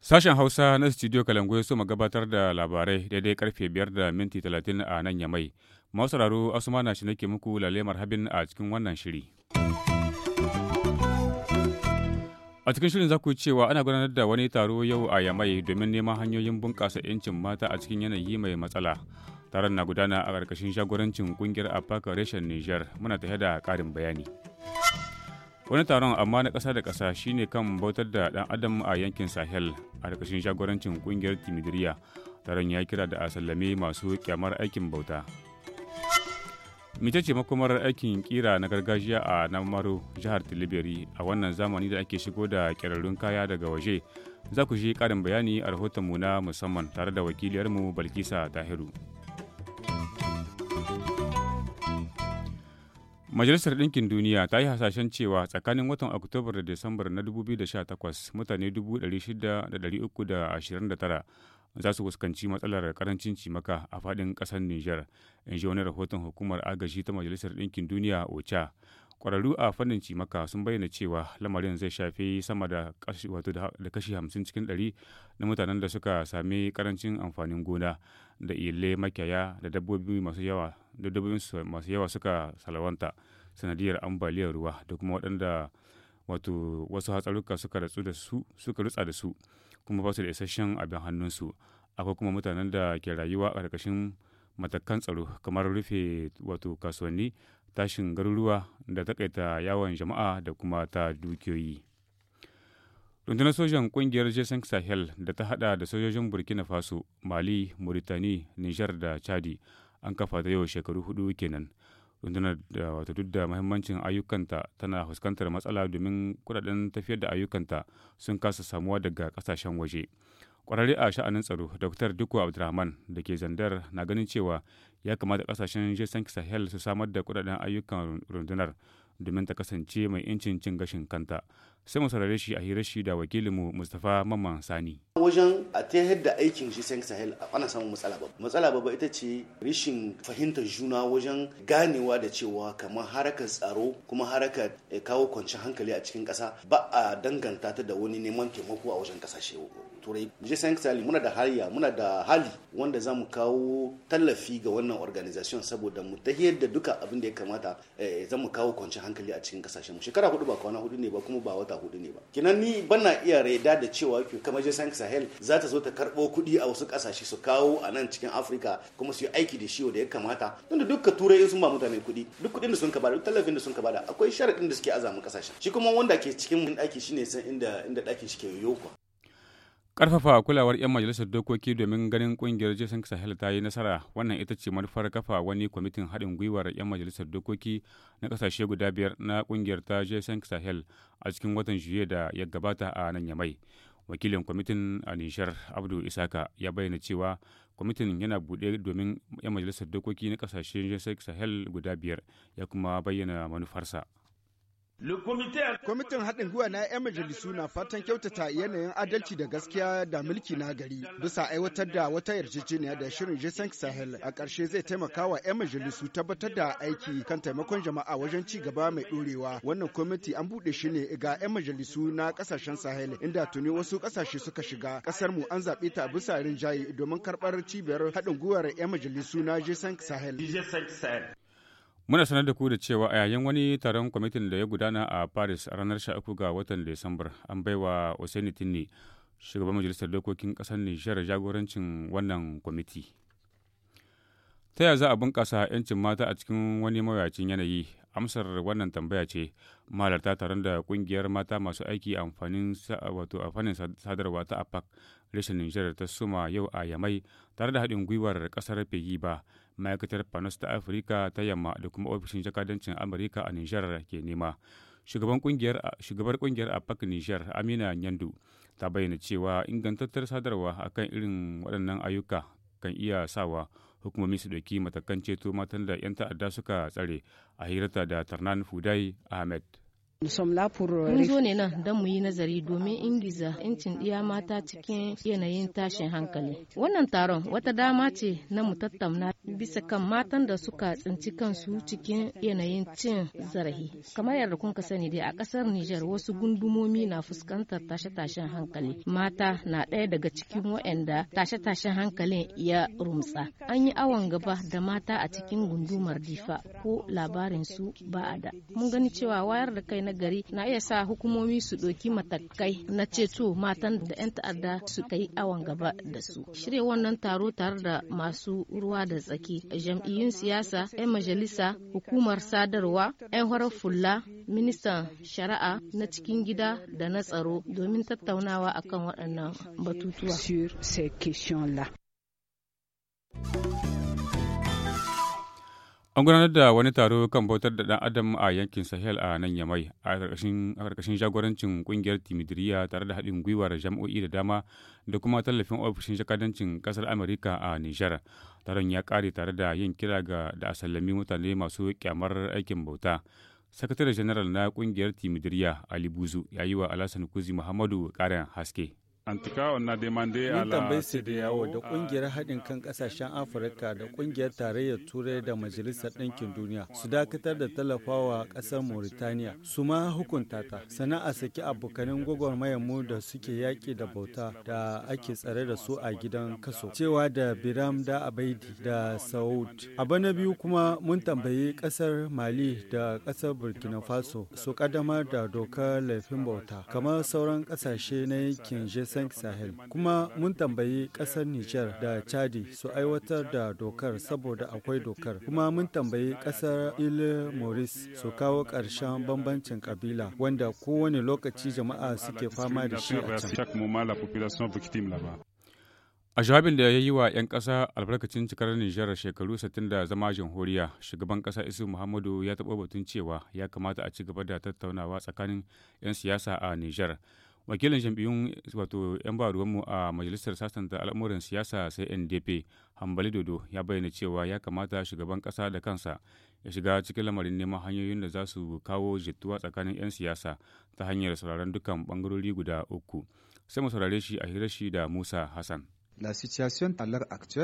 Sashen Hausa na Studio Kalangu ya so mu gabatar da labarai daidai karfe 5 da minti 30 a nan Yamai. Masu sauraro Asuma na shi nake muku lalemar habin a cikin wannan shiri. A cikin shirin za ku cewa ana gudanar da wani taro yau a Yamai domin neman hanyoyin bunƙasa 'yancin mata a cikin yanayi mai matsala. Taron na gudana a karkashin shagorancin ƙungiyar Afaka Reshen niger muna tafiya da karin bayani. Wani taron amma na ƙasa da ƙasa shine kan bautar da ɗan adam a yankin Sahel a ƙarƙashin shagorancin ƙungiyar Timidiriya. Taron ya kira da a sallame masu kyamar aikin bauta. Mita ce makomar aikin kira na gargajiya a Namaro jihar Tilibiri a wannan zamani da ake shigo da kirarrun kaya daga waje. Za ku shi karin bayani a rahotonmu na musamman tare da wakiliyarmu Balkisa Tahiru. Majalisar Ɗinkin Duniya ta yi hasashen cewa tsakanin watan oktobar da Disambar na 2018 mutane 6,329 za su fuskanci matsalar karancin cimaka a faɗin ƙasar Nijar, in ji wani rahoton hukumar agaji ta Majalisar Ɗinkin Duniya OCHA. Ƙwararru a fannin cimaka sun bayyana cewa lamarin zai shafi sama da kashi hamsin cikin ɗari na mutanen da suka sami karancin amfanin gona da ile makiyaya da dabbobi masu yawa da dabbobin masu yawa suka salawanta sanadiyar ambaliyar ruwa da kuma waɗanda wato wasu hatsaruka suka rutsa da su. kuma ba su da isasshen abin hannunsu akwai kuma mutanen da ke rayuwa a ƙarƙashin matakan tsaro kamar rufe wato kasuwanni tashin garuruwa da takaita yawon jama'a da kuma ta dukiyoyi rundunar sojan kungiyar jason sahel da ta hada da sojojin burkina faso mali mauritani nijar da chadi an kafa ta yau shekaru hudu kenan rundunar da wato duk da mahimmancin ayyukanta tana fuskantar matsala domin kudaden tafiyar da ayyukanta sun kasa samuwa daga kasashen waje kwararre a sha'anin tsaro dr dukwa abdulrahman da ke zandar na ganin cewa ya kamata kasashen jason sahel su samar da kudaden ayyukan rundunar domin ta kasance mai incin cin gashin kanta sai mu saurare shi a hira shi da wakilinmu Mustapha Mamman Sani. Wajen a ta yadda aikin shi Sen Sahel ana samun matsala ba Matsala ba ita ce rishin fahimtar juna wajen ganewa da cewa kamar harakar tsaro kuma harakar eh, kawo kwanciyar hankali a cikin ƙasa ba a danganta ta da wani neman taimako a wajen ƙasashe turai. Je Sen Sahel muna da muna da hali wanda za kawo tallafi ga wannan organization saboda mu ta yadda duka abin da ya kamata eh, za mu kawo kwanciyar hankali a cikin ƙasashe Shekara hudu ba kwana hudu ne ba kuma ba wata hudu ne ba kinan ni bana iya raida da cewa kamar sank sahel za ta zo ta karbo kudi a wasu kasashe su kawo a nan cikin afirka kuma su yi aiki da shi da ya kamata tunda dukka turai sun ba mutane kuɗi duk kudin da sun ka bada duk tallafin da sun ka bada akwai sharaɗin da suke azamin kasashen shi kuma wanda ke cikin daki shine san inda inda daki shi ke yoko karfafa kulawar 'yan majalisar dokoki domin ganin kungiyar Jason Sahel ta yi nasara wannan ita ce manufar kafa wani kwamitin haɗin gwiwar 'yan majalisar dokoki na ƙasashe guda biyar na kungiyar ta Jason Sahel a cikin watan Juye da ya gabata a nan ya mai Wakilin kwamitin a Nishar Abdu Isaka ya bayyana cewa kwamitin yana buɗe domin 'yan majalisar dokoki na ƙasashen Jason Sahel guda biyar ya kuma bayyana manufarsa. Kwamitin haɗin gwiwa na 'yan majalisu na fatan kyautata yanayin adalci da gaskiya da mulki na gari bisa aiwatar da wata yarjejeniya da shirin Jason Sahel a ƙarshe zai taimaka wa 'yan majalisu tabbatar da aiki kan taimakon jama'a wajen ci gaba mai ɗorewa. Wannan kwamiti an buɗe shi ne ga 'yan majalisu na ƙasashen Sahel inda tuni wasu ƙasashe suka shiga. Ƙasar mu an zaɓe ta bisa rinjaye domin karɓar cibiyar haɗin gwiwar 'yan majalisu na Jason Sahel. Muna sanar da ku da cewa a yayin wani taron kwamitin da ya gudana a Paris a ranar 13 ga watan Disambar an baiwa Oseni Tinni shugaban majalisar dokokin ƙasar Nijar jagorancin wannan kwamiti. Ta yaya za a bunƙasa 'yancin mata a cikin wani mawuyacin yanayi? Amsar wannan tambaya ce mahalarta taron da ƙungiyar mata masu aiki amfanin wato amfanin sadarwa ta APAC reshen Nijar ta suma yau a Yamai tare da haɗin gwiwar ƙasar fegiba ba ma'aikatar panos ta afirka ta yamma da kuma ofishin jakadancin amurka a nijar ke nema shugabar kungiyar a pak nijar amina nyandu ta bayyana cewa ingantattar sadarwa akan irin waɗannan ayyuka kan iya sawa hukumomi su ɗauki matakan ceto matan da 'yan ta'adda suka tsare a hirata da tarnan fudai ahmed Euh, Mun zo ne nan don mu yi nazari domin ingiza 'yancin ɗiya mata cikin yanayin tashin hankali. Wannan taron wata dama ce na mu tattauna bisa kan matan da suka tsinci kansu cikin yanayin cin zarafi. Kamar yadda kun ka sani dai a ƙasar Nijar wasu gundumomi na fuskantar tashe-tashen hankali. Mata na ɗaya daga cikin waɗanda tashe-tashen hankalin ya rumtsa. An yi awon gaba da mata a cikin gundumar difa ko labarinsu su ba a da. Mun gani cewa wayar da kai na gari na iya sa hukumomi su ɗauki matakai na ceto matan da 'yan ta'adda su kai awon gaba da su shirya wannan taro tare da masu ruwa da tsaki jam'iyyun siyasa 'yan majalisa hukumar sadarwa 'yan horar fulla ministan shari'a na cikin gida da na tsaro domin tattaunawa akan waɗannan batutuwa An gudanar da wani taro kan bautar da dan adam a yankin Sahel a nan Yamai a ƙarƙashin jagorancin kungiyar Timidiriya tare da haɗin gwiwar jam'o'i da dama da kuma tallafin ofishin jakadancin ƙasar Amurka a Nijar. Taron ya ƙare tare da yin kira ga da sallami mutane masu kyamar aikin bauta. Sakatare Janaral na kungiyar Timidiriya Ali Buzu ya yi wa Alhassan Kuzi Muhammadu ƙarin haske. Mun tambayi CDAO da ƙungiyar haɗin kan ƙasashen Afirka da ƙungiyar tarayyar Turai da Majalisar Ɗinkin Duniya su dakatar da tallafawa ƙasar Mauritania su ma hukunta ta a saki abokanin gwagwarmayar mu da suke yaƙi da bauta da ake tsare da su a gidan kaso cewa da Biram da Abaidi da Saud. Abu na biyu kuma mun tambayi ƙasar Mali da ƙasar Burkina Faso su ƙaddamar da dokar laifin bauta kamar sauran ƙasashe na yankin Jesa sank sahel kuma mun tambayi kasar niger da chadi su aiwatar da dokar saboda akwai dokar kuma mun tambayi kasar ile maurice su kawo ƙarshen bambancin kabila wanda kowane lokaci jama'a suke fama da shi a can a jawabin da ya yi wa 'yan ƙasa albarkacin cikar nijar shekaru 60 da zama jamhuriya shugaban ƙasa isu muhammadu ya taɓa batun cewa ya kamata a ci gaba da tattaunawa tsakanin 'yan siyasa a nijar wakilin jam'iyyun wato 'yan ba mu a majalisar sasanta al'amuran siyasa sai ndp hambali dodo ya bayyana cewa ya kamata shugaban kasa da kansa ya shiga cikin lamarin neman hanyoyin da za su kawo jituwa tsakanin 'yan siyasa ta hanyar sauraron dukkan bangarori guda uku sai mu saurare shi a hirar shi da musa hassan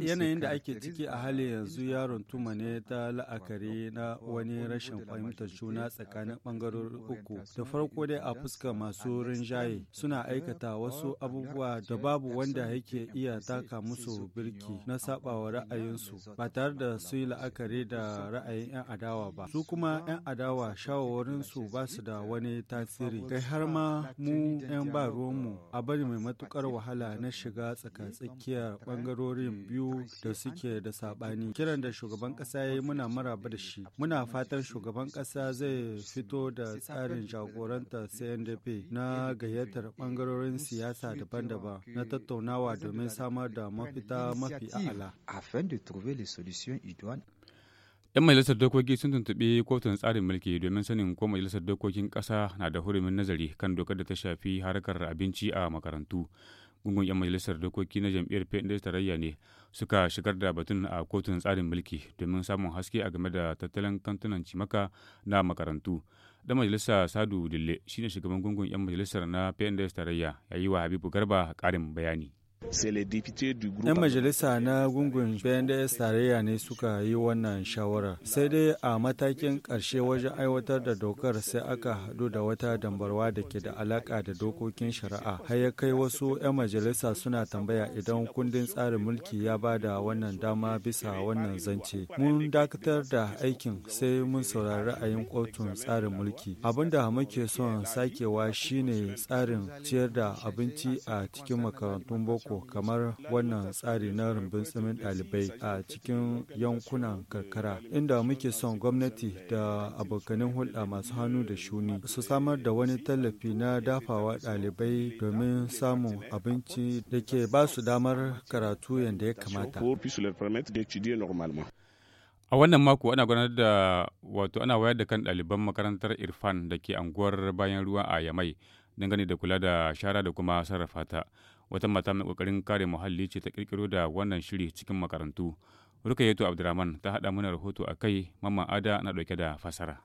Yanayin da ake ciki a hali yanzu yaron tuma ne ta la'akari na wani rashin fahimtar juna tsakanin bangarori uku. Da farko dai a fuska masu rinjaye suna aikata wasu abubuwa da babu wanda yake iya taka musu birki na sabawa ra'ayinsu ba tare da su yi la'akari da ra'ayin 'yan adawa ba. Su kuma 'yan adawa shawarwarinsu ba su da wani tasiri. Kai har ma mu 'yan ba mu a bari mai matukar wahala na shiga tsakatsaki. tsakiyar bangarorin biyu da suke da sabani kiran da shugaban kasa ya yi muna maraba da shi muna fatan shugaban kasa zai fito da tsarin jagoranta cndp na gayyatar bangarorin siyasa daban-daban na tattaunawa domin samar da mafita mafi a'ala 'yan majalisar dokoki sun tuntuɓi kotun tsarin mulki domin sanin ko majalisar dokokin ƙasa na da hurumin nazari kan dokar da ta shafi harkar abinci a makarantu gungun 'yan majalisar dokoki na jam'iyyar pnds tarayya ne suka shigar da batun a kotun tsarin mulki domin samun haske a game da tattalin kantunan cimaka na makarantu dan majalisa sadu dille shine shugaban gungun 'yan majalisar na pnds tarayya ya yi wa habibu garba karin bayani 'Yan majalisa na gungun BNDS tarayya ne suka yi wannan shawara. Sai dai a matakin ƙarshe wajen aiwatar da dokar sai aka hadu da wata dambarwa da ke da alaƙa da dokokin shari'a. Har ya kai wasu 'yan majalisa suna tambaya idan kundin tsarin mulki ya ba da wannan dama bisa wannan zance. Mun dakatar da aikin sai mun saurari ra'ayin kotun tsarin mulki. Abin da muke son sakewa shine tsarin ciyar da abinci a cikin makarantun boko kamar wannan tsari na rumbun tsamin dalibai a cikin yankunan karkara inda muke son gwamnati da abokanin hulɗa masu hannu da shuni su samar da wani tallafi na dafawa dalibai domin samun abinci da ke ba su damar karatu yadda ya kamata. A wannan mako ana gudanar da wato ana wayar da kan ɗaliban makarantar Irfan da ke anguwar bayan ruwa a Yamai dangane da kula da shara da kuma sarrafa ta. wata mata mai kokarin kare muhalli ce ta kirkiro da wannan shiri cikin makarantu rukayetu abdurrahman ta haɗa mana rahoto a kai mamman ada na ɗauke da fasara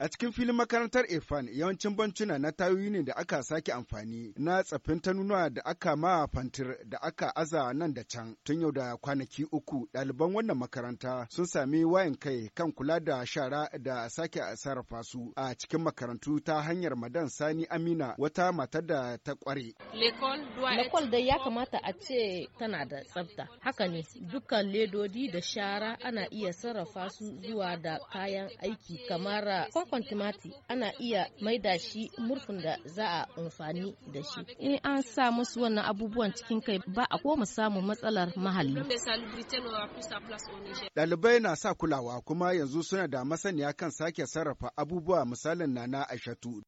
A cikin filin makarantar Efan yawancin bancuna na tayoyi ne da aka sake amfani na tsaffin nuna da aka ma fantir da aka aza nan da can. Tun yau da kwanaki uku ɗaliban wannan makaranta sun sami wayan kai kan kula da shara da sake sarrafa su a cikin makarantu ta hanyar madan Sani Amina wata matar da ta kware. Lekol da ya kamata a ce tana da tsafta. Haka ne dukkan ledodi da shara ana iya sarrafa su zuwa da kayan aiki kamar makon tumati ana iya maida shi murfin da za a amfani da shi in an sa musu wannan abubuwan cikin kai ba a koma samun matsalar mahalli ɗalibai na sa kulawa kuma yanzu suna da masaniya kan sake sarrafa abubuwa misalin nana aishatu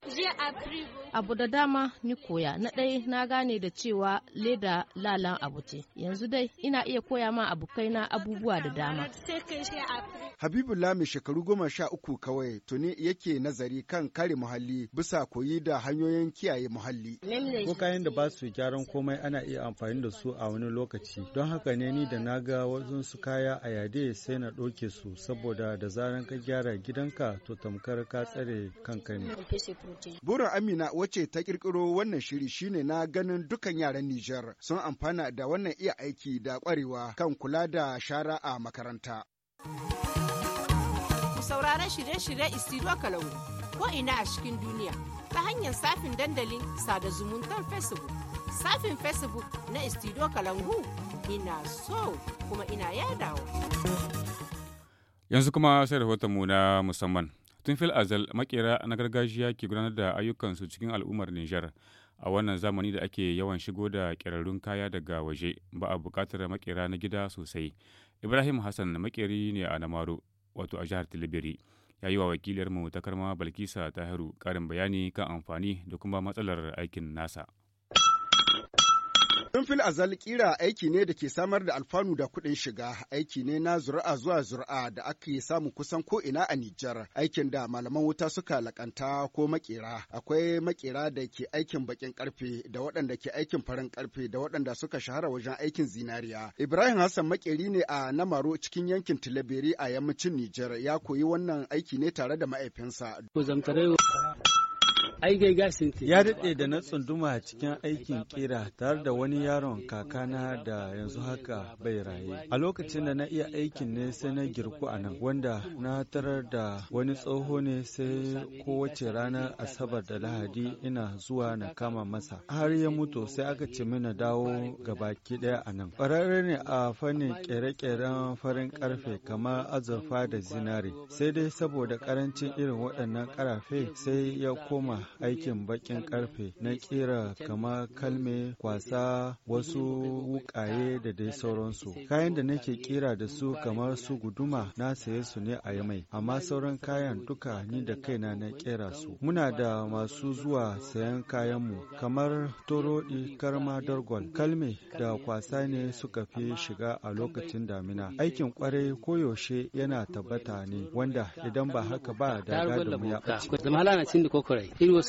abu da dama ni koya na ɗaya na gane da cewa leda lalan abu ce yanzu dai ina iya koya ma na abubuwa da dama habibu lami shekaru goma sha uku kawai tuni yake nazari kan kare muhalli bisa koyi da hanyoyin kiyaye muhalli. Ko kayan da ba su gyaran komai ana iya amfani da su a wani lokaci. Don haka ne ni da na ga wasu kaya a yade sai na ɗauke su saboda da zaran ka gyara gidanka to tamkar ka tsare kanka ne. Burin Amina wace ta kirkiro wannan shiri shine na ganin dukan yaran Nijar sun amfana da wannan iya aiki da kwarewa kan kula da shara a makaranta. sauraron shirye-shirye Istiro Kalangu ko ina a cikin duniya ta hanyar safin dandalin sada zumuntar Facebook. Safin Facebook na Istiro Kalangu ina so kuma ina yadawa. Yanzu kuma sai rahotonmu na musamman. Tun fil azal makera na gargajiya ke gudanar da ayyukansu cikin al'ummar Nijar. A wannan zamani da ake yawan shigo da ƙirarrun kaya daga waje ba a bukatar makera na gida sosai. Ibrahim Hassan makeri ne a Namaro wato a jihar Tilibiri. Ya yi wa wakilarmu ta karma Balkisa Tahiru ƙarin bayani kan amfani da kuma matsalar aikin nasa. Tun fil azal kira aiki ne da ke samar da alfanu da kuɗin shiga, aiki ne na zuri'a zuwa zuri'a da ake samu kusan ko ina a Nijar, aikin da malaman wuta suka lakanta ko makera. Akwai makera da ke aikin bakin karfe da waɗanda ke aikin farin karfe da waɗanda suka shahara wajen aikin zinariya. Ibrahim Hassan makeri ne a Namaro cikin yankin Tilaberi a yammacin Nijar ya koyi wannan aiki ne tare da ma'aifinsa. Ya daɗe da na tsunduma cikin aikin kera tare da wani yaron kakana da yanzu haka bai raye. A lokacin da na iya aikin ne sai na girku a nan wanda na tarar da wani tsoho ne sai kowace ranar Asabar da Lahadi ina zuwa na kama masa. Har ya mutu sai aka ce mina dawo gabaki ɗaya a nan. Ƙwararre ne a fannin ƙere-ƙeren farin ƙarfe kamar azurfa da zinari, Sai dai saboda ƙarancin irin waɗannan ƙarafe sai ya koma aikin bakin karfe na kera kama kalme kwasa wasu wukaye da dai sauransu kayan da nake kira da su kamar su guduma na saye su ne a yamai amma sauran kayan duka ni da kaina na kera su muna da masu zuwa sayan kayanmu kamar torodi karma dargon kalme da kwasa ne suka fi shiga a lokacin damina aikin kwarai koyaushe yana tabbata ne wanda idan ba haka ba da gadon ya ɓace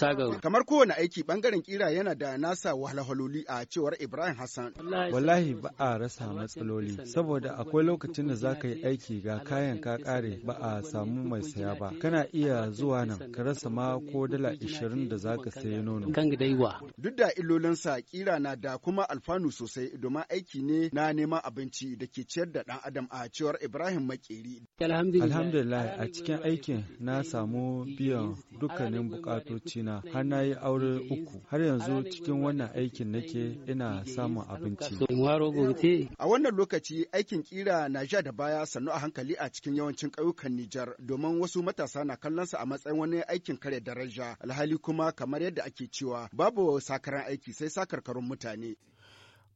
Kamar kowane aiki bangaren kira yana da nasa wahalhaloli a cewar Ibrahim Hassan. Wallahi ba a rasa matsaloli saboda akwai lokacin da zaka yi aiki ga kayan ka kare ba a samu mai saya ba. Kana iya zuwa nan ka rasa ma ko dala ishirin da zaka sayi nono. Duk da illolinsa kira na da kuma alfanu sosai domin aiki ne na neman abinci da ke ciyar da ɗan adam a cewar Ibrahim Makeri. Alhamdulillah a cikin aikin na samu biyan dukkanin bukatoci abokina har na yi aure uku har yanzu cikin wannan aikin nake ina samun abinci. A wannan lokaci aikin kira na ja da baya sannu a hankali a cikin yawancin ƙauyukan Nijar domin wasu matasa na kallon sa a matsayin wani aikin kare daraja alhali kuma kamar yadda ake cewa babu sakaran aiki sai sakarkarun mutane.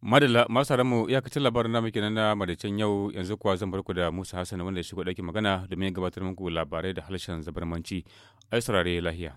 Madalla ya iyakacin labarin namu kenan na maraicen yau yanzu kuwa zan barku da Musa Hassan wanda ya shigo ɗakin magana domin gabatar muku labarai da harshen zabarmanci. Ai saurare lahiya.